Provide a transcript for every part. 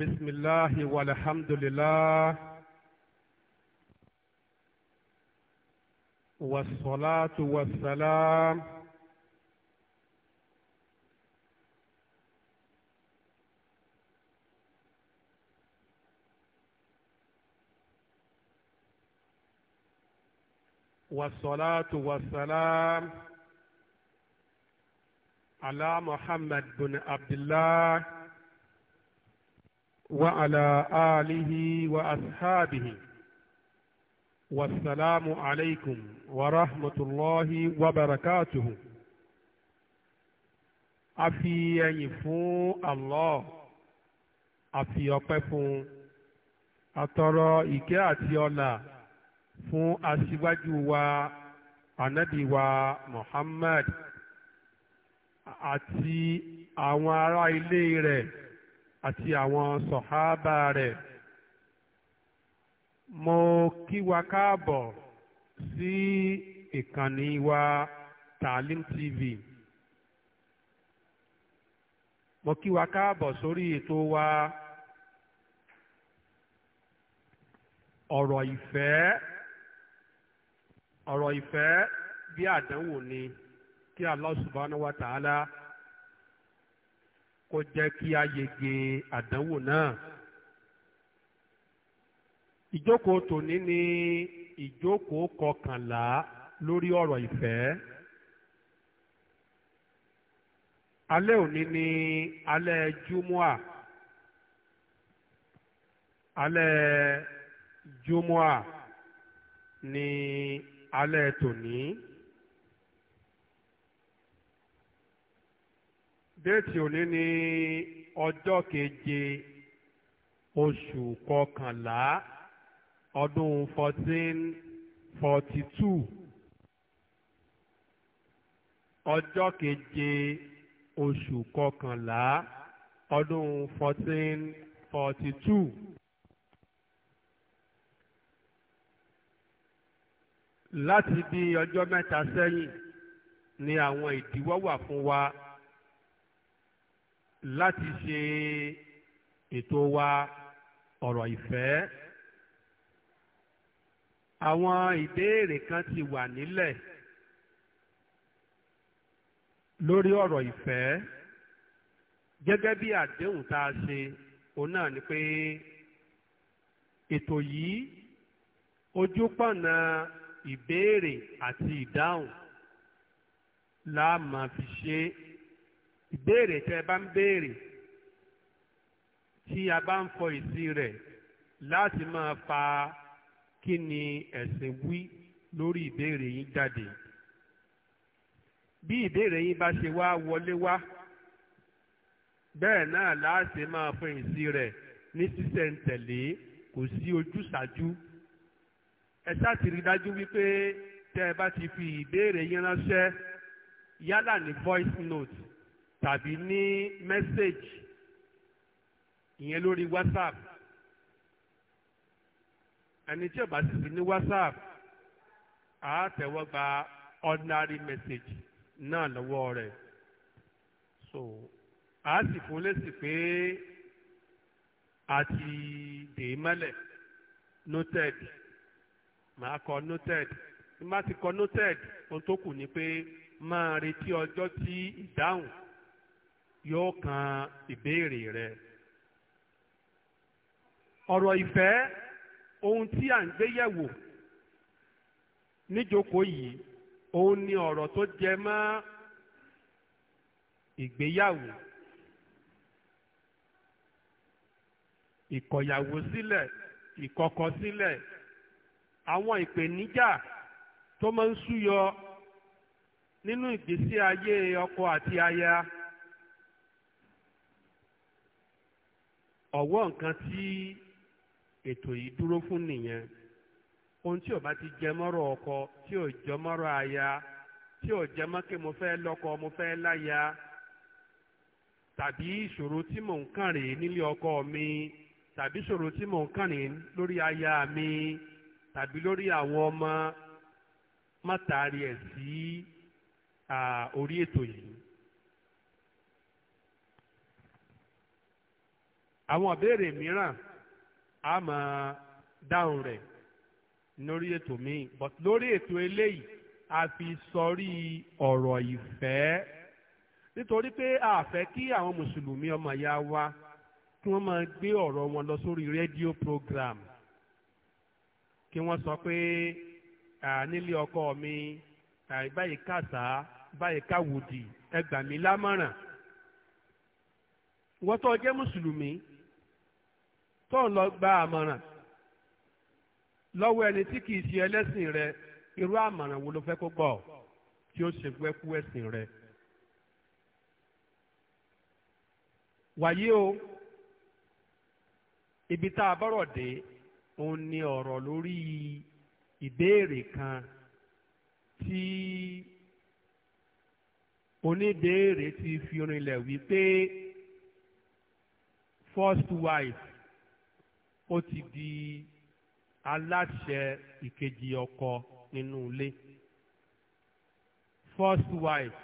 بسم الله والحمد لله والصلاة والسلام والصلاة والسلام على محمد بن عبد الله Wa ala alekum wa wa rahmatulọ hiwabrakat api enyipụ alọ apiokpepu atọro ikeatiọla pu atibaji we anabia muhamad ati awarlre àti àwọn sọ̀hábà rẹ̀ mo kí wa káàbọ̀ sí ìkànnì wa Taalim TV mo kí wa káàbọ̀ sórí ètò wa ọ̀rọ̀ ìfẹ́ ọ̀rọ̀ ìfẹ́ bí àdánwò ni kí Allah subhanahu wa ta'ala kó jẹ́ kí a yege àdánwò náà. ìjókòó tòní ni ìjókòó kọkànlá lórí ọ̀rọ̀ ìfẹ́. alẹ́ òní ni alẹ́ júmọ́à alẹ́ júmọ́à ni alẹ́ tòní. déètì òní ní ọjọ́ keje oṣù kọkànlá ọdún fourteen forty two ọjọ́ keje oṣù kọkànlá ọdún fourteen forty two. láti bí ọjọ́ mẹ́ta sẹ́yìn ni àwọn ìdíwọ́ wà fún wa láti ṣe ètò wa ọ̀rọ̀ ìfẹ́ àwọn ìbéèrè kan ti wà nílẹ̀ lórí ọ̀rọ̀ ìfẹ́ gẹ́gẹ́ bí àdéhùn tá a ṣe òun náà ni pé ètò yìí ojúpọ̀nà ìbéèrè àti ìdáhùn la máa fi ṣe é ìbéèrè tẹ́ ẹ bá ń béèrè tí a bá ń fọ ìsí rẹ̀ láti máa fa kí ni ẹ̀sìn wí lórí ìbéèrè yín jáde bí ìbéèrè yín bá ṣe wá wọlé wá bẹ́ẹ̀ náà láti máa fọ ìsí rẹ̀ ní sísẹ̀ǹtẹ̀lé kò sí ojúṣàjú ẹ ṣáà dájú wípé tẹ́ ẹ bá ti fi ìbéèrè yín ránṣẹ́ yálà ní voice note tàbí ní mẹ́sẹ̀gì ìyẹn lórí whatsapp ẹni tí ó sì fi ní whatsapp á tẹ̀wọ́ gba ordinary message náà lọ́wọ́ rẹ̀ so á sì fún lésì pé a ti dè mọ́lẹ̀ noted màá kọ noted bí má ti kọ noted ohun tó kù ni pé máa retí ọjọ́ tí ìdáhùn yóò kan ìbéèrè rẹ ọ̀rọ̀ ìfẹ́ ohun tí à ń gbé yẹ̀wò níjókòó yìí òun ni ọ̀rọ̀ tó jẹ mọ́ ìgbéyàwó ìkọ̀yàwó sílẹ̀ ìkọ̀kọ̀ sílẹ̀ àwọn ìpèníjà tó máa ń súyọ nínú ìgbésí ayé ọkọ àti aya. ọ̀wọ́ nǹkan tí ètò yìí dúró fún nìyẹn ohun tí ó bá ti jẹ mọ́rọ̀ ọkọ tí ò jọ mọ́rọ̀ aya tí ò jẹ mọ́ pé mo fẹ́ lọ́kọ mo fẹ́ láya tàbí ìṣòro tí mò ń kàn rèé nílé ọkọ mi tàbí ìṣòro tí mò ń kàn rèé lórí aya mi tàbí lórí àwọn ọmọ má taari ẹ̀ sí orí ètò yìí. àwọn ìbéèrè mìíràn a máa dáhùn rẹ̀ lórí ètò míì but lórí ètò eléyìí a fi sọrí ọ̀rọ̀ ìfẹ́ nítorí pé a fẹ́ kí àwọn mùsùlùmí ọmọ ìyá wa kí wọ́n máa gbé ọ̀rọ̀ wọn lọ sórí rédíò program kí wọ́n sọ pé nílé ọkọ mi báyìí kàṣà báyìí káwòdì ẹ gbà mí lámọ̀ràn wọ́n tó jẹ́ mùsùlùmí tó ń lọ gba àmọ̀ràn lọ́wọ́ ẹni tí kìí ṣe ẹlẹ́sìn rẹ irú àmọ̀ràn wo ló fẹ́ kó gbọ́ tí ó ṣe fẹ́ ẹ̀sìn rẹ. wàyí o ibi tá a bọ́rọ̀ dé òun ni ọ̀rọ̀ lórí ìbéèrè kan tí oníbéèrè ti fi rinlẹ̀ wípé first wife ó ti di aláṣẹ ìkejì ọkọ nínú ilé first wife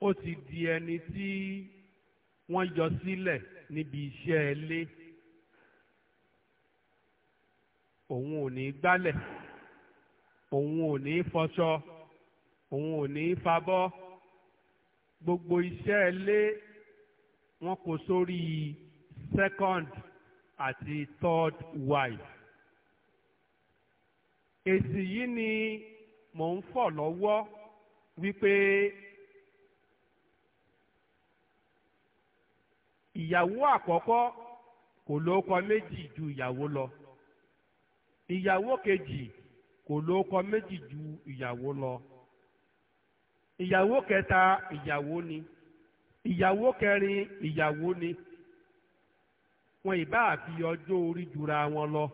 ó ti di ẹni tí wọ́n yọ sílẹ̀ níbi iṣẹ́ ilé òun ò ní gbálẹ̀ òun ò ní fọṣọ òun ò ní fabọ́ gbogbo iṣẹ́ ilé wọ́n kó sórí second àti third wife. èsì yìí ni mò ń fọ̀ lọ́wọ́ wípé ìyàwó àkọ́kọ́ kò lóko méjì ju ìyàwó lọ ìyàwó kejì kò lóko méjì ju ìyàwó lọ ìyàwó kẹta ìyàwó ni ìyàwó kẹrin ìyàwó ni. wọn ìbá àfi ọjọ́ orí jura wọn lọ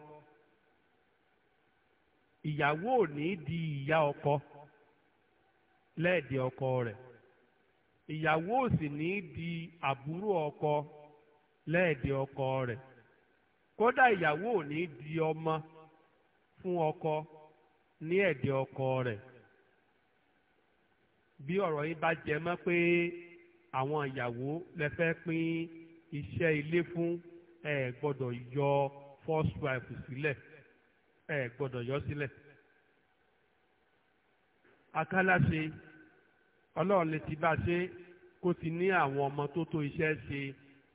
ìyàwó ò ní di ìyá ọkọ lẹ́ẹ̀dẹ̀ ọkọ rẹ̀ ìyàwó ò sì ní di àbúrò ọkọ lẹ́ẹ̀dẹ̀ ọkọ rẹ̀ kódà ìyàwó ò ní di ọmọ fún ọkọ ní ẹ̀dẹ̀ ọkọ rẹ̀ bí ọ̀rọ̀ yìí bá jẹ mọ́ pé àwọn ìyàwó lè fẹ́ pín iṣẹ́ ilé fún ẹ gbọ́dọ̀ yọ first wife sílẹ̀ ẹ gbọ́dọ̀ yọ sílẹ̀. akálàṣe ọlọ́run lè ti bá a ṣe kó ti ní àwọn ọmọ tó tó iṣẹ́ ṣe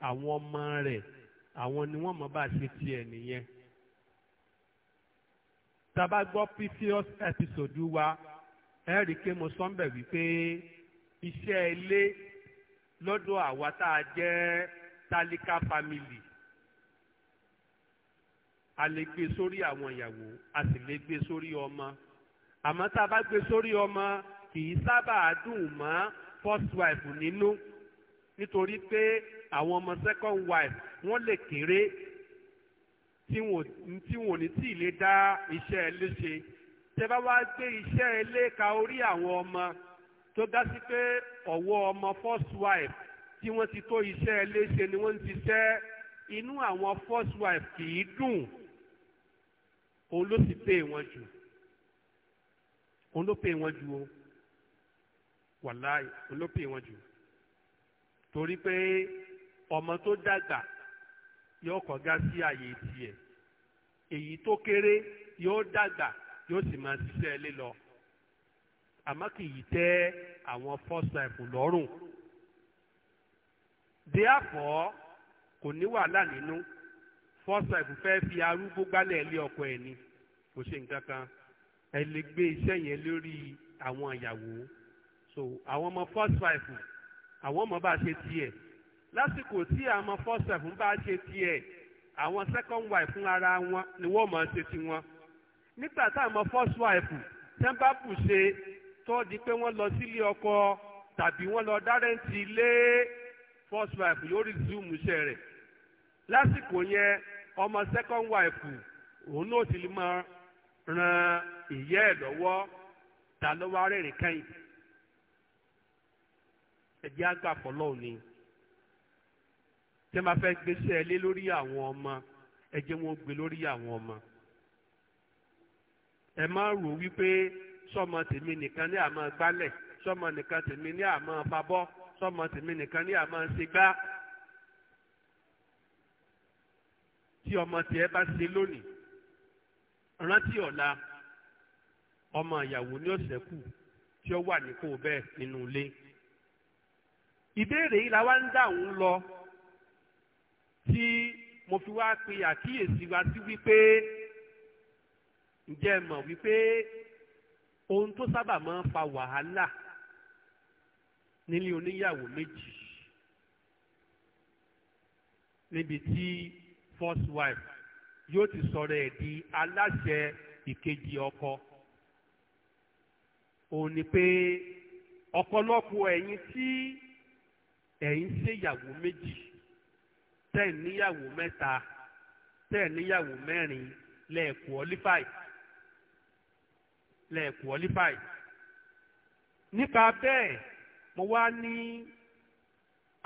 àwọn ọmọ rẹ̀ àwọn ni wọ́n mọ̀ bá a ṣe tiẹ̀ nìyẹn. Taba bá gbọ́ previous episode wa ẹ rí i pé mo sọ ń bẹ̀ wípé iṣẹ́ ilé lọ́dọ̀ àwa tá a jẹ́ tálíkà family a lè gbé sórí àwọn ìyàwó a sì lè gbé sórí ọmọ àmọ́ tá a bá gbé sórí ọmọ kì í sábà dùn mọ́ first wife nínú nítorí pé àwọn ọmọ second wife wọ́n lè kéré tí wọn ò ní tí ì lè dá iṣẹ́ ẹ léṣe tẹ bá wá gbé iṣẹ́ ẹ ka orí àwọn ọmọ tó dá sí pé ọ̀wọ́ ọmọ first wife tí wọ́n ti tó iṣẹ́ ẹ léṣe ni wọ́n ti ṣẹ́ inú àwọn first wife kì í dùn òun ló sì pè wọ́n jù òun ló pè wọ́n jù o wàláì òun ló pè wọ́n jù torí pé ọmọ tó dàgbà yóò kọ̀gá sí àyè tiẹ̀ èyí tó kéré yóò dàgbà yóò sì máa ṣiṣẹ́ ilé lọ àmọ́ kì í tẹ́ àwọn first life lọ́rùn. therefore kò ní wàhálà nínú first wife fẹ́ fi arúgbó gbálẹ̀ ilé ọkọ ẹ̀ ni kò ṣe nǹkan kan ẹ lè gbé iṣẹ́ yẹn lórí àwọn ìyàwó so àwọn ọmọ first wife àwọn ọmọ bá ṣe tiẹ̀ lásìkò tí àwọn ọmọ first wife bá ṣe tiẹ̀ àwọn second wife fún ara wọn ni wọ́n máa ṣe tiwọn nígbà táwọn ọmọ first wife tẹ́ ń bá bù ṣe tó di pé wọ́n lọ sílé ọkọ tàbí wọ́n lọ dárẹ́ǹtì ilé first wife yóò rí zoom iṣẹ́ rẹ̀ lásìkò yẹn ọmọ second wife òun náà ti lè máa ran ìyá ẹ̀ lọ́wọ́ ta ló wá rẹ́rìn kẹ́yìn ẹ̀jẹ̀ àgbà fọlọ́ ni tẹ́ máa fẹ́ gbèsè ẹ lé lórí àwọn ọmọ ẹ̀jẹ̀ wọn gbé lórí àwọn ọmọ ẹ má rò wípé sọmọ tèmi nìkan ní àmọ́ gbálẹ̀ sọmọ nìkan tèmi ní àmọ́ fabọ́ sọmọ tèmi nìkan ní àmọ́ ṣe gbá tí ọmọ tiẹ̀ bá ṣe lónìí rántí ọ̀la ọmọ ìyàwó ní ọ̀sẹ̀ kù tí ó wà nípò bẹ́ẹ̀ nínú ilé. ìbéèrè yìí la wá ń dáhùn lọ tí mo fi wá pe àkíyèsí wa sí wípé ǹjẹ́ mọ̀ wípé ohun tó sábà máa ń fa wàhálà nílé oníyàwó méjì níbi tí first wife yóò ti sọ̀rọ̀ ẹ̀ di aláṣẹ ìkejì ọkọ òun ni pé ọ̀pọ̀lọpọ̀ ẹ̀yin tí ẹ̀yin ṣèyàwó méjì tẹ̀ níyàwó mẹ́ta tẹ̀ níyàwó mẹ́rin lẹ́ẹ̀ qualify lẹ́ẹ̀ qualify nípa bẹ́ẹ̀ mo wá ní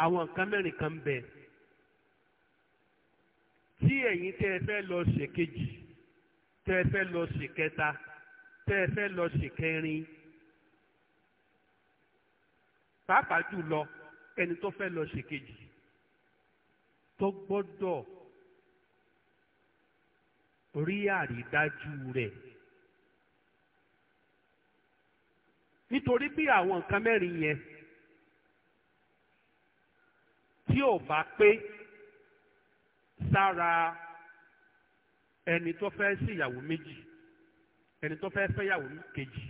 àwọn nǹkan mẹ́rin kan bẹ́ẹ̀. tí ẹ̀yin tẹ́ ẹ fẹ́ lọ ṣèkejì tẹ́ ẹ fẹ́ lọ ṣèkẹta tẹ́ ẹ fẹ́ lọ ṣèkẹrin pàápàá jùlọ ẹni tó fẹ́ lọ ṣèkejì tó gbọ́dọ̀ rí àrídájú rẹ̀ nítorí bí àwọn nǹkan mẹ́rin yẹn tí ò bá pé sára ẹni tó fẹ́ sí ìyàwó méjì ẹni tó fẹ́ fẹ́ ìyàwó kejì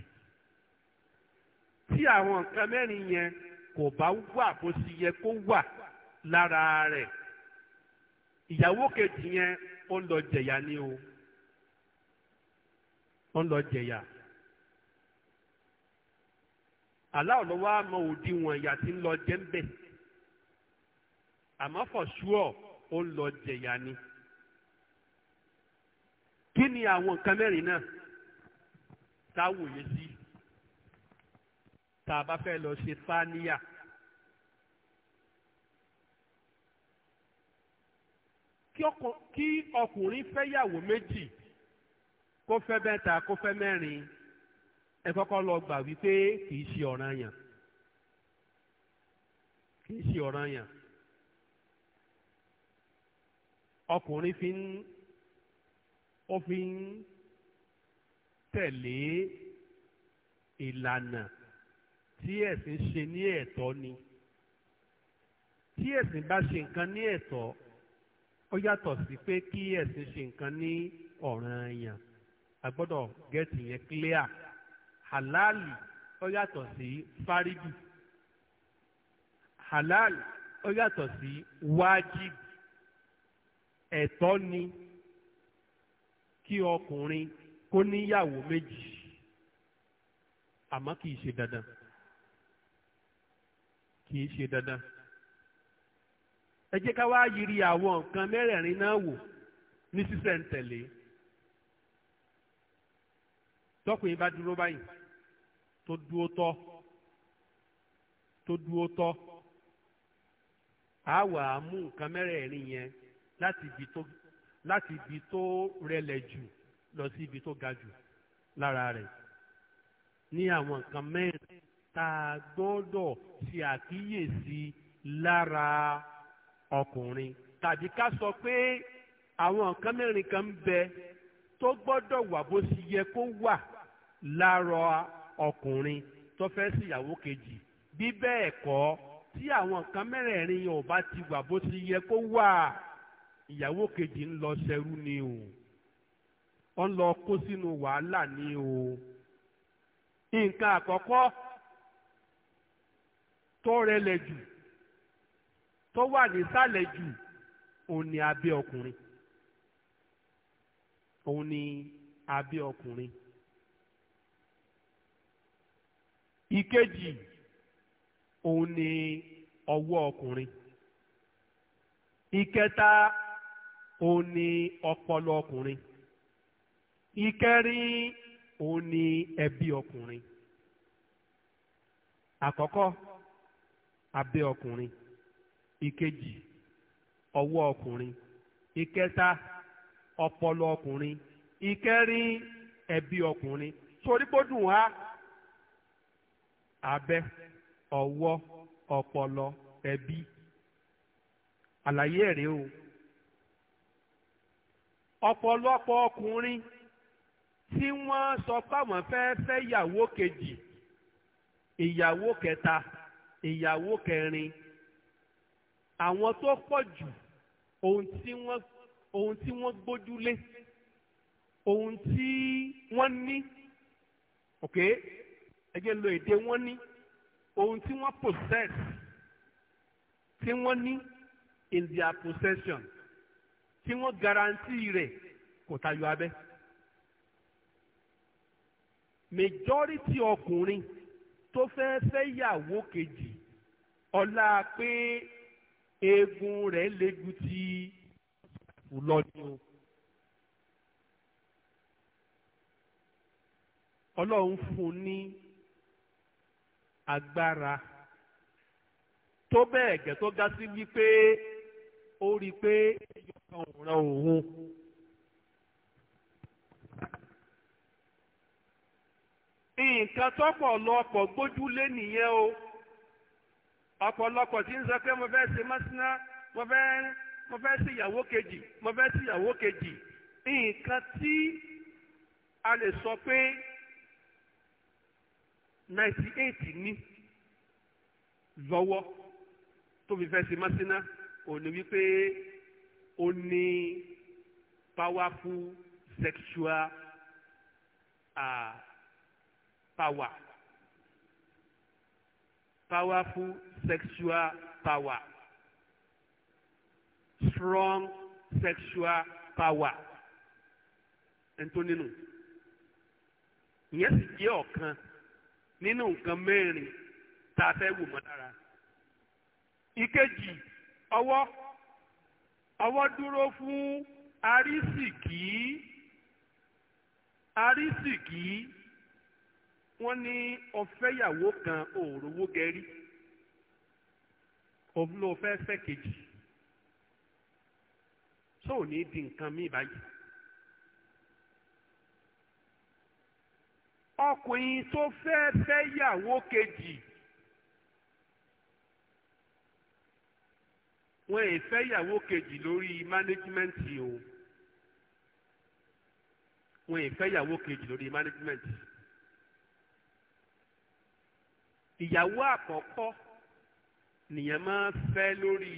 tí àwọn nǹkan mẹ́rin yẹn kò bá wà bó sì yẹ kó wà lára rẹ̀ ìyàwó kejì yẹn ó lọ jẹ̀yà ni o ó ń lọ jẹ̀yà aláwọ̀ lọ́wọ́ àmọ́ òdiwọ̀n ìyà tí ń lọ jẹ́ ń bẹ̀ àmọ́ for sure ó ń lọ jẹ̀yà ni kí ni àwọn nǹkan mẹ́rin náà tá a wòye sí tá a bá fẹ́ lọ ṣe fáníyà. kí ọkùnrin fẹ́ yàwó méjì kó fẹ́ mẹ́ta kó fẹ́ mẹ́rin ẹ kọ́kọ́ lọ gbà wípé kì í ṣe ọ̀ranyàn kì í ṣe ọ̀ranyàn ọkùnrin fi ń ó fi ń tẹ̀lé ìlànà tí ẹ̀sìn ṣe ní ẹ̀tọ́ ni tí ẹ̀sìn bá ṣe nǹkan ní ẹ̀tọ́ ó yàtọ̀ sí pé kí ẹ̀sìn ṣe nǹkan ní ọ̀ranyàn a gbọ́dọ̀ gẹ́tì yẹn clear halali ó yàtọ̀ sí fárídù halal ó yàtọ̀ sí wájib ẹ̀tọ́ ni kí ọkùnrin kó níyàwó méjì àmọ́ kì í ṣe dandan kì í ṣe dandan ẹ jẹ́ ká wá yiri àwọn nǹkan mẹ́rẹ̀ẹ̀rin náà wò ní sísẹ̀ǹtẹ̀lé tọkùnrin bá dúró báyìí tó dúó tọ́ tó dúó tọ́ àá wà á mú nǹkan mẹ́rẹ̀ẹ̀rin yẹn láti ibi tó láti ibi tó rẹlẹ̀ jù lọ sí ibi tó ga jù lára rẹ̀ ní àwọn nǹkan mẹ́rin tá a gbọ́dọ̀ ṣe àkíyèsí lára ọkùnrin tàbí ká sọ pé àwọn nǹkan mẹ́rin kan ń bẹ tó gbọ́dọ̀ wà bó ṣe yẹ kó wà lára ọkùnrin tó fẹ́ síyàwó kejì bí bẹ́ẹ̀ kọ́ tí àwọn nǹkan mẹ́rẹ̀ẹ̀rin yẹn ò bá ti wà bó ṣe yẹ kó wà. ìyàwó kejì ń lọ ṣẹrú ni o ó ń lọ kó sínú wàhálà ni o nǹkan àkọ́kọ́ tó rẹlẹ̀ jù tó wà nísàlẹ̀ jù òun ni abẹ́ ọkùnrin òun ni abẹ́ ọkùnrin. ìkejì òun ni ọwọ́ ọkùnrin ìkẹta òun ni ọpọlọ ọkùnrin ìkẹrin òun ni ẹbí ọkùnrin àkọ́kọ́ abẹ́ ọkùnrin ìkejì ọwọ́ ọkùnrin ìkẹta ọpọlọ ọkùnrin ìkẹrin ẹbí ọkùnrin torí kó dùn abẹ́ ọwọ́ ọpọlọ ẹbí àlàyé o. ọ̀pọ̀lọpọ̀ ọkùnrin tí wọ́n sọ páwọn fẹ́ fẹ́ ìyàwó kejì ìyàwó kẹta ìyàwó kẹrin àwọn tó pọ̀ jù ohun tí wọ́n ohun tí wọ́n gbójúlé ohun tí wọ́n ní ok ẹ lo èdè wọ́n ní ohun tí wọ́n possess tí wọ́n ní in their possession tí wọ́n garanti rẹ̀ kò tayọ abẹ́ majority ọkùnrin tó fẹ́ fẹ́ yàwó kejì ọlá pé eegun rẹ̀ le ju ti lọ ni o. ọlọ́run fún un ní agbára tó bẹ́ẹ̀ gẹ́ tó ga sí wípé ó rí i pé ọ̀ràn òun. nǹkan tọ́pọ̀lọpọ̀ gbójúlé nìyẹn o ọ̀pọ̀lọpọ̀ tí ń sọ pé mo fẹ́ ṣe mọ́síná mo fẹ́ mo fẹ́ sí ìyàwó kejì mo fẹ́ sí ìyàwó kejì nǹkan tí a lè sọ pé ninety eight ní lọ́wọ́ tó fi fẹ́ ṣe mọ́síná òní wípé ó ní powerful sexual uh, power powerful sexual power strong sexual power ntoninu ìyẹn sì jẹ́ ọ̀kan nínú nǹkan mẹ́rin tá a fẹ́ wò mọ́ lára ìkejì ọwọ́ ọwọ́ dúró fún arísìkí arísìkí wọ́n ní ọ̀fẹ́yàwó kan òòrówó gẹ̀rí òun ló fẹ́ fẹ́ kejì sóò ní di nǹkan míì báyìí. ọkùnrin tó fẹ́ fẹ́ yàwó kejì. wọn è fẹ́ ìyàwó kejì lórí mánéjìmẹ́ǹtì o wọn è fẹ́ ìyàwó kejì lórí mánéjìmẹ́ǹtì ìyàwó àkọ́kọ́ nìyẹn máa fẹ́ lórí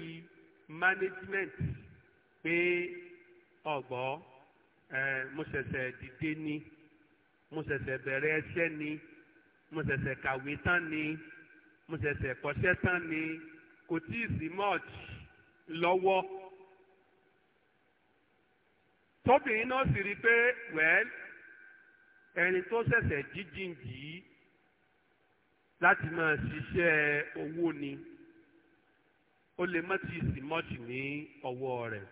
mánéjìmẹ́ǹtì pé ọ̀gbọ́ ẹ mo ṣẹ̀ṣẹ̀ dìde ni mo ṣẹ̀ṣẹ̀ bẹ̀rẹ̀ ẹṣẹ́ ni mo ṣẹ̀ṣẹ̀ kàwé tán ni mo ṣẹ̀ṣẹ̀ kọ́ṣẹ́ tán ni kò tíì sí mọ́ọ̀tì lọ́wọ́ tóbìnrin náà sì rí i pé wẹ́ẹ́l ẹni tó ṣẹ̀ṣẹ̀ jíjìn yìí láti máa ṣiṣẹ́ owó ni ó lè má ti sì mọ́ọ̀tì ní ọwọ́ rẹ̀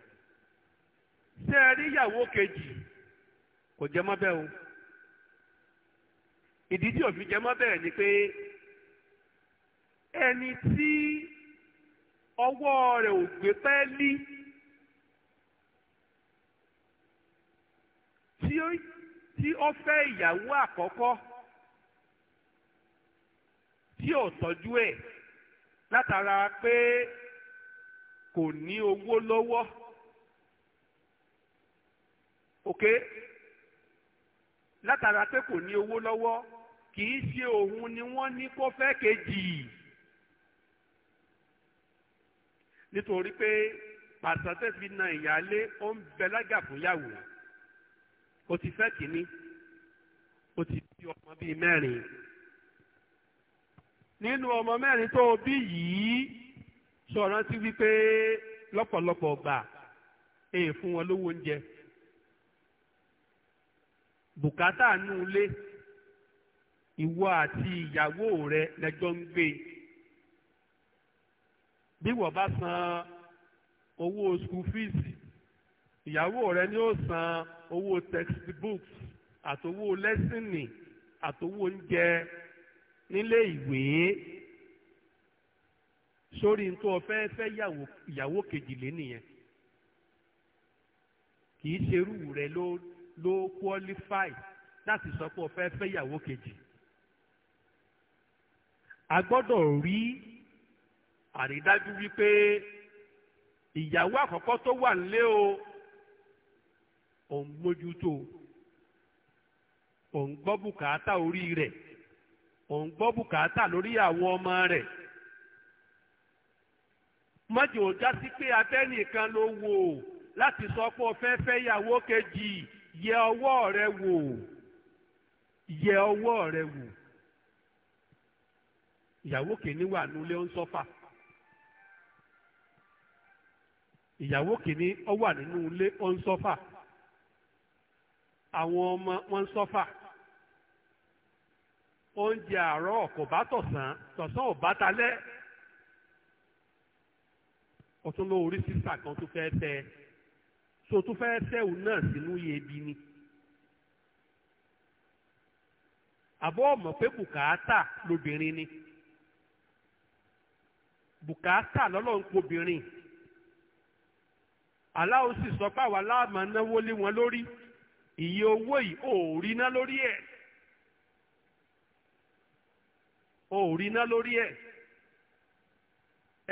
ṣé ẹ rí ìyàwó kejì kò jẹ́ mọ́ bẹ́ẹ̀ o ìdí tí òfin jẹ́ mọ́ bẹ́ẹ̀ ni pé ẹni tí. ọwọ́ rẹ̀ ò gbé pẹ́ẹ́lí tí ó fẹ́ ìyàwó àkọ́kọ́ tí ò tọ́jú ẹ̀ látara pé kò ní owó lọ́wọ́ òkè látara pé kò ní owó lọ́wọ́ kì í ṣe òun ni wọ́n ní kó fẹ́ kejì yìí. nítorí pé pàṣẹ fi na ìyáálé ó ń bẹ lága fúnyàwó ó ti fẹ́ kínní ó ti bí ọmọ bíi mẹ́rin nínú ọmọ mẹ́rin tó o bí yìí sọ̀rọ̀ sí wípé lọ́pọ̀lọpọ̀ gbà èè fún wọn lówó oúnjẹ bùkátà nù ilé ìwọ àti ìyàwó rẹ lẹjọ ń gbé e. bí wọ́n bá san owó school fees ìyàwó rẹ ni ó san owó textbooks àtowó lẹ́sìnì àtowó oúnjẹ nílé ìwé sórí tó o fẹ́ ìyàwó kejì lé nìyẹn kì í ṣerú rẹ ló ló qualify láti sọ pé o fẹ́ ìyàwó kejì a gbọ́dọ̀ rí àrídájú wípé ìyàwó àkọ́kọ́ tó wà nílé o òun mójútó òun gbọ́ bùkátà orí rẹ̀ òun gbọ́ bùkátà lórí àwọn ọmọ rẹ̀ mọ́jì ò já sí pé abẹ́nìkan ló wò ó láti sọ pé o fẹ́ fẹ́ ìyàwó kejì yẹ ọwọ́ rẹ wò yẹ ọwọ́ rẹ wò ìyàwó kìíní wà nílé ń sọ́fà. So ìyàwó kìíní ọ wà nínú ilé ọ ń àwọn ọmọ wọn ń sọ́fà oúnjẹ àárọ̀ kò bá tọ̀sán tọ̀sán ò bá talẹ́ ó tún kan tó so tó fẹ́ẹ́ náà sínú iyebí ni àbọ̀ ọ̀mọ̀ pé bùkátà lobìnrin ni bùkátà obìnrin. aláwo sì sọ pé àwa láàmà náwó lé wọn lórí iye owó yìí ò rí ná lórí ẹ̀ ò rí ná lórí ẹ̀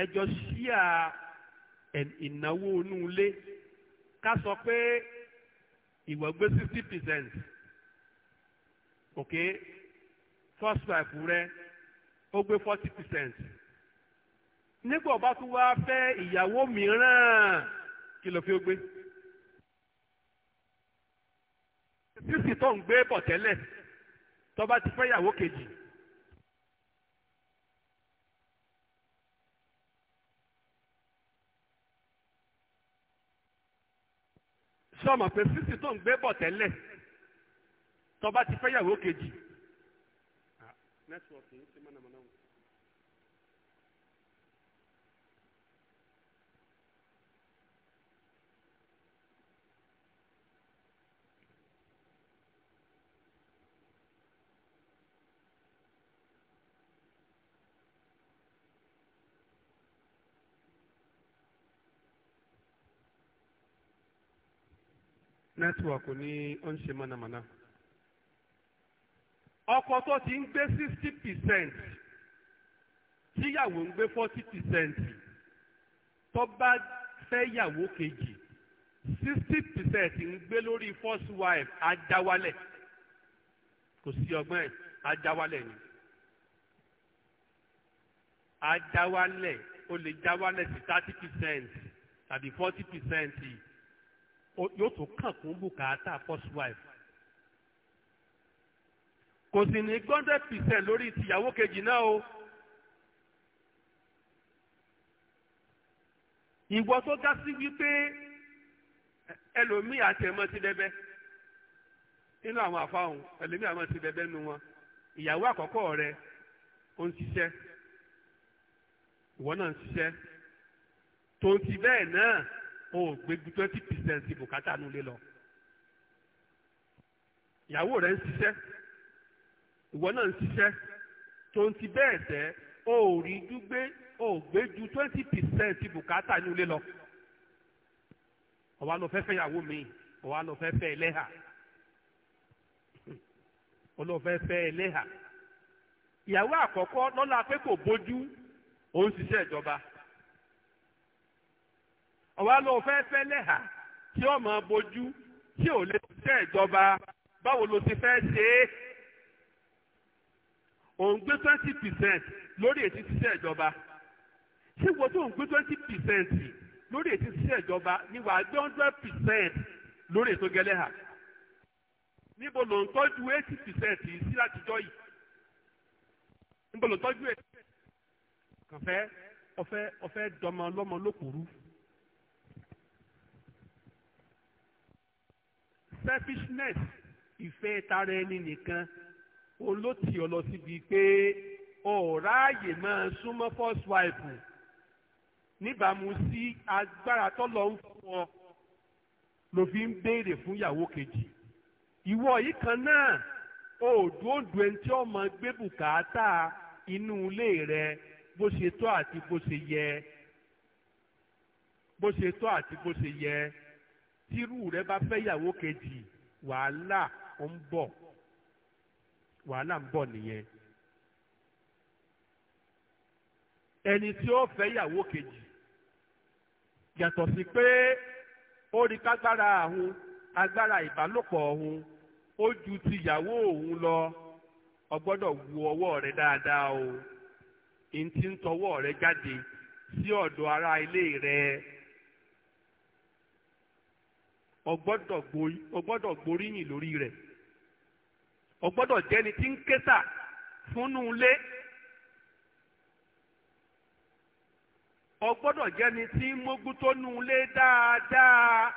ẹjọ́ ṣíà ìnáwó inú ilé ká sọ pé ìwọ gbé sixty percent ok first wife rẹ ó gbé forty percent nígbà bá tún wá fẹ́ ìyàwó mìíràn kí ló fi ó gbé sísì tó ń gbé bọ̀ tẹ́lẹ̀ tó bá ti fẹ́ yàwó kejì sọmọ pé sísì tó ń gbé bọ̀ tẹ́lẹ̀ tó bá ti fẹ́ yàwó kejì. Ah, nẹ́tíwọ̀kì ń ṣe mọ́nàmọ́ná nẹ́tíwọ̀kù ni ó ń ṣe mọ̀nàmọ́ná. ọkọ tó ti ń gbé sixty percent tíyàwó ń gbé forty percent tó bá fẹ́ yàwó kejì sixty percent ń gbé lórí first wife ajáwálẹ̀ kò sí ọgbọ́n ẹ̀ ajáwálẹ̀ ni ajáwálẹ̀ ó lè jáwálẹ̀ sí thirty percent tàbí forty percent yìí yóò tún kàn kún bùkátà first wife kò sì ní hundred percent lórí tìyàwó kejì náà o ìwọ tó ga sí wípé ẹlòmíì àtẹmọ ti bẹbẹ nínú àwọn àfahàn ẹlòmíì àmọ ti bẹbẹ nu wọn ìyàwó àkọ́kọ́ rẹ ó ń ṣiṣẹ́ ìwọ náà ń ṣiṣẹ́ tó ń ti bẹ́ẹ̀ náà o ò gbé twenty percent bùkátà nulẹ̀ lọ ìyàwó rẹ̀ ń ṣiṣẹ́ ìwọ náà ń ṣiṣẹ́ tó ń ti bẹ́ẹ̀ tẹ́ o ò rí dúgbé o ò gbé ju twenty percent bùkátà nulẹ̀ lọ ọ̀wá lọ fẹ́fẹ́ ìyàwó mi ọ̀wá lọ fẹ́fẹ́ ẹlẹ́hà ọlọ́fẹ́fẹ́ ẹlẹ́hà ìyàwó àkọ́kọ́ lọ́la pé kò bójú òun ṣiṣẹ́ ìjọba ọ̀wá ló fẹ́ fẹ́ lẹ́hà tí ó máa bojú tí ò lè ṣiṣẹ́ ìjọba báwo ló ti fẹ́ ṣe é òun gbé twenty percent lórí ètí ṣiṣẹ́ ìjọba ṣé wo tó ń gbé twenty percent lórí ètí ṣiṣẹ́ ìjọba ni wàá gbé hundred percent lórí ètò gẹlẹ́hà níbo ló ń tọ́jú eighty percent yìí sí látijọ́ yìí níbo ló ń tọ́jú eighty percent kàn fẹ́ ọ̀fẹ́ ọ̀fẹ́ dọmọ ọlọ́mọ lókùrú. selfishness ìfẹ́ tara ẹni nìkan olóòtì ọ lọ síbi pé ọ̀ráàyè máa súnmọ́ first wife níbàámu sí agbára tọ́lọ̀ ń fún ọ ló fi ń béèrè fún ìyàwó kejì ìwọ yìí kan náà òdòdó ẹni tí ọmọ gbé bùkátà inú ilé rẹ bó ṣe tọ́ àti bó ṣe yẹ bó ṣe tọ́ àti bó ṣe yẹ. tírú rẹ bá fẹ́ ìyàwó kejì wàhálà ń bọ̀ wàhálà ń bọ̀ nìyẹn ẹni tí ó fẹ́ ìyàwó kejì yàtọ̀ sí pé ó rí kágbára àhun agbára ìbálòpọ̀ ọ̀hún ó ju ti ìyàwó òun lọ ọgbọ́dọ̀ wu ọwọ́ rẹ dáadáa o èyí rẹ jáde sí ọ̀dọ̀ ará ilé rẹ o gbọ́dọ̀ gboríyìn lórí rẹ̀ o gbọ́dọ̀ jẹ́ni tí ń késà fúnnú lé o gbọ́dọ̀ jẹ́ni tí ń mógún tó nú lé dáadáa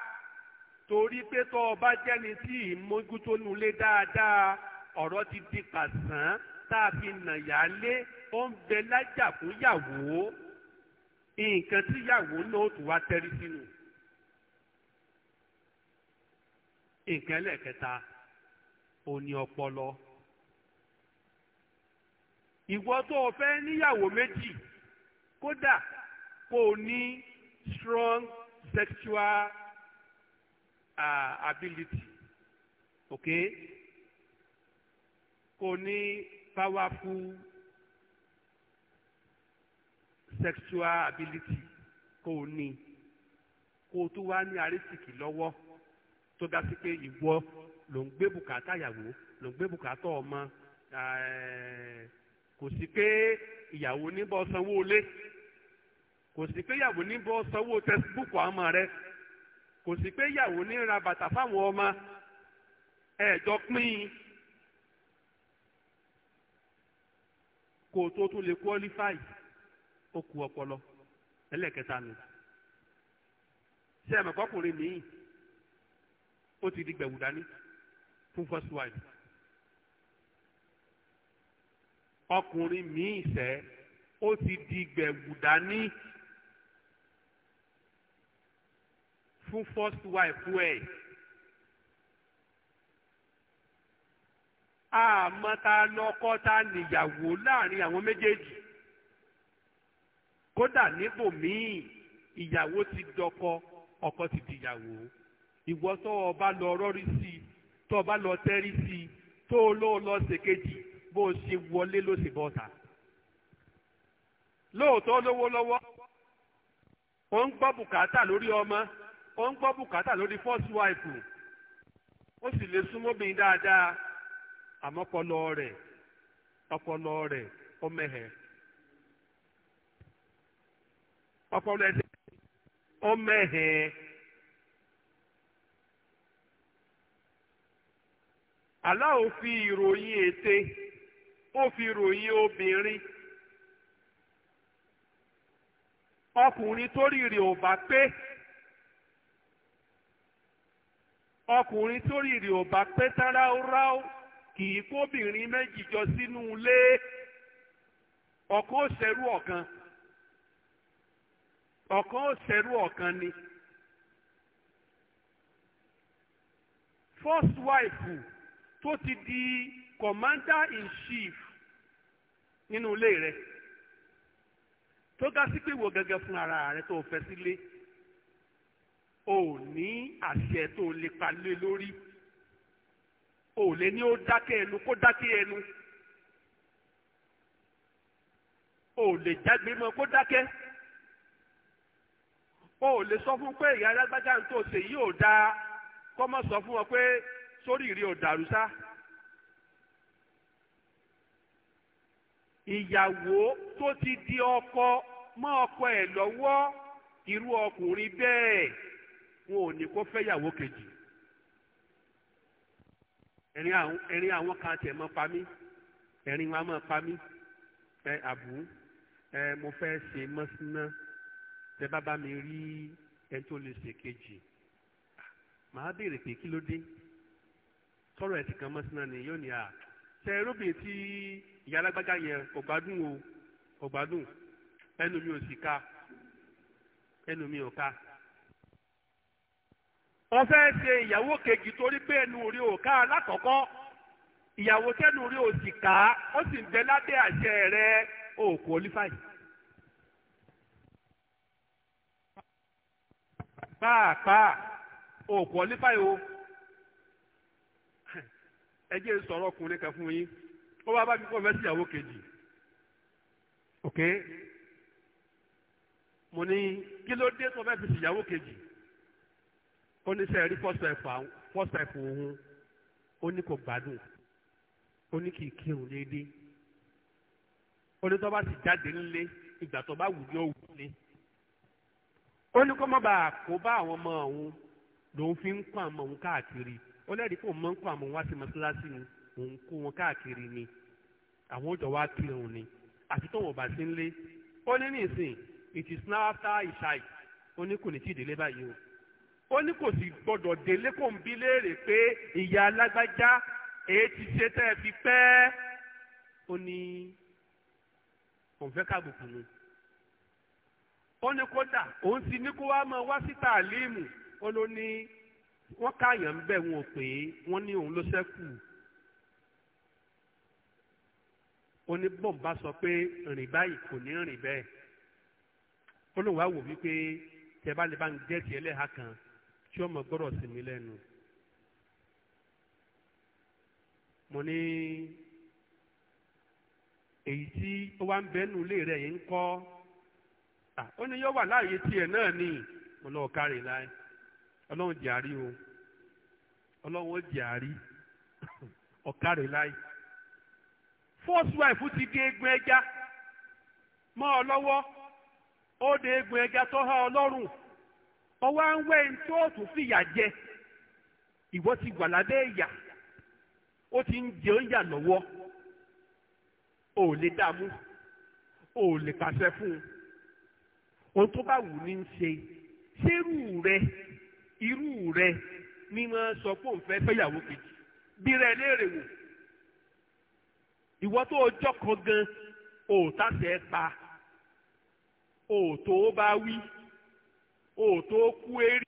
torí pé tó o bá jẹ́ni tí ń mógún tó nú lé dáadáa ọ̀rọ̀ ti di pàṣán tá a fi nàyà lé ó ń bẹ lájà fún yàwó nǹkan tí yàwó náà tó wá tẹ́rí sínú. nǹkan ẹlẹ́ẹ̀kẹta ò ní ọpọlọ ìwọ tó o fẹ́ níyàwó méjì kódà kó ní strong sexual uh, ability ok kó ní powerful sexual ability kó o ní kó o wá ní àrísìkì lọ́wọ́ tó dá sí pé ìwọ ló ń gbé bùkátà ìyàwó ló ń gbé bùkátà ọmọ eh, kò sí pé ìyàwó níbọ̀ sanwó ilé kò sí pé ìyàwó níbọ̀ sanwó tẹsibúùkù ọmọ rẹ kò sí pé ìyàwó ní bàtà fáwọn ọmọ ẹ̀ẹ́dọ́ pín in o tó tún lè qualify ó ku ọpọlọ ẹlẹ́ẹ̀kẹta nù sẹ́ẹ̀mẹ̀kọ́kùnrin nìyí ó ti di gbẹ̀wù dání fún first wife. ọkùnrin míì sẹ́ ó ti di gbẹ̀wù dání fún first wife ẹ̀. àmọ́ ta lọ́kọ ta níyàwó láàrin àwọn méjèèjì kódà níbòmíì ìyàwó ti dọkọ ọkọ ti dìyàwó. ìwọ tó o lọ rọ́rí sí i tó o lọ sí i tó wọlé ló sì bọ́ta. lóòótọ́ lọ́wọ́ ó ń gbọ́ bùkátà lórí ọmọ ó ń gbọ́ bùkátà lórí first wife ó sì lè súnmọ́ ọpọlọ rẹ̀ ọpọlọ rẹ̀ ó Allah ó fi ìròyìn ète ó fi ròyìn obìnrin ọkùnrin tó rírì ò bá pé ọkùnrin tó rírì ò bá pé táráúráú kì í kóbìnrin méjì jọ sínú ilé ọ̀kan ó ṣerú ọ̀kan ọ̀kan ó ṣerú ọ̀kan ni first wife. who tó ti di commander in chief nínú ilé rẹ tó ga sí pé wò gẹ́gẹ́ fún ara rẹ tó fẹ́ sílé o ò ní àṣẹ tó lè palẹ̀ lórí o ò lè ní ó dákẹ́ ẹnu kó dákẹ́ ẹnu o ò lè jágbe mọ́ kó dákẹ́ o ò lè sọ fún pé ìyá alágbájá ń tó ṣe yìí ò dáa kọ́ mọ́ sọ fún ọ pé sórí ìrí ọ̀dàrúsá ìyàwó tó ti di ọkọ mọ ọkọ ẹ lọwọ irú ọkùnrin bẹ́ẹ̀ wọn ò ní kó fẹ́yàwó kejì ẹ̀rín àwọn kan tẹ̀ mọ́ pa mí ẹ̀rín wọn mọ́ pa mí ẹ àbú ẹ mo fẹ ṣe mọ́síná tẹ bá bá mi rí ẹni tó lè ṣe kejì màá béèrè pé kí ló dé tọrọ ẹ̀sìn kan mọ́sí náà ni yóò ní à ṣe erébìnrin tí ìyá alágbájá yẹn kò gbádùn o kò gbádùn ẹnu mi ò sì ka ẹnu mi ò ka wọ́n fẹ́ ṣe ìyàwó kejì torí pé ẹnu orí ò ká alákọ̀ọ́kọ́ ìyàwó tẹ́nu orí ò sì ká ó sì ń bẹ lábẹ́ àṣẹ rẹ ò qualify. pàápàá ò qualify o ẹ jẹ́ sọ̀rọ̀ ọkùnrin kan fún yín ó wá bá mi kó fẹ́ sí ìyàwó kejì ok mo ní kí ló dé tó fẹ́ fi sí ìyàwó kejì ó ní sẹ́ẹ̀ rí fọ́sẹ̀fù òun ó ní kò gbádùn ó ní kì í kírun déédéé ó ní tó bá sì jáde nílé ìgbà tó bá wù ní òwú ni ó ní kó má bàa kó bá àwọn ọmọ òun lòun fi ń kó àwọn ọmọ òun káàkiri ó lẹ́rìí pé òun máa ń kó àwọn wá sí mọ́ṣáláṣí ni òun kó wọn káàkiri ni àwọn òjò wá kírun ni àti tóun ọba sí ń lé ó ní nísìn it is now after ishai ó ní kò ní tí ì délé báyìí o ó ní kò sì gbọdọ̀ délé kò ń bí léèrè pé ìyá alágbájá èyí ti ṣe tẹ́ ẹ fi pẹ́ ó ní òun fẹ́ káàbùkù ni ó ní kódà òun sì ní kó wá máa wá sí tàlímù ó ló ní wọ́n káàyàn ń bẹ̀ wọn ò pé wọ́n ní òun ló ṣẹ́kù oníbọ̀m̀bá sọ pé rìn báyìí kò ní rìn bẹ́ẹ̀ ó lóun wá wò wípé tẹ bá lè bá ń jẹ́ tiẹ̀ kan tí ọmọ gbọ́dọ̀ sí mi lẹ́nu mo ní èyí tí ó wá ń bẹ́nu ilé rẹ̀ yìí ń kọ́ ó ní yóò wà láàyè tiẹ̀ náà ni mo lọ́ọ́ kárì láì. ọlọ́run jàrí o ọlọ́run jàrí ọ̀kárẹ̀ láì ti gé egun ẹja mọ́ ọ lọ́wọ́ ó de egun ẹja tó há ọ lọ́rùn ọwọ́ à ń wẹ́ ẹni tó fìyà jẹ ìwọ ti wà lábẹ́ ó ti ń jẹ lọ́wọ́ lè dààmú lè pàṣẹ fún un ohun ní ṣe ṣérù rẹ irú rẹ ní máa sọ pé òun fẹ́ fẹ́yàwó kejì bí rẹ léèrè wò ìwọ tó ọjọ́ kan gan òòtàṣẹ pa òòtó bá wí òòtó kú eré.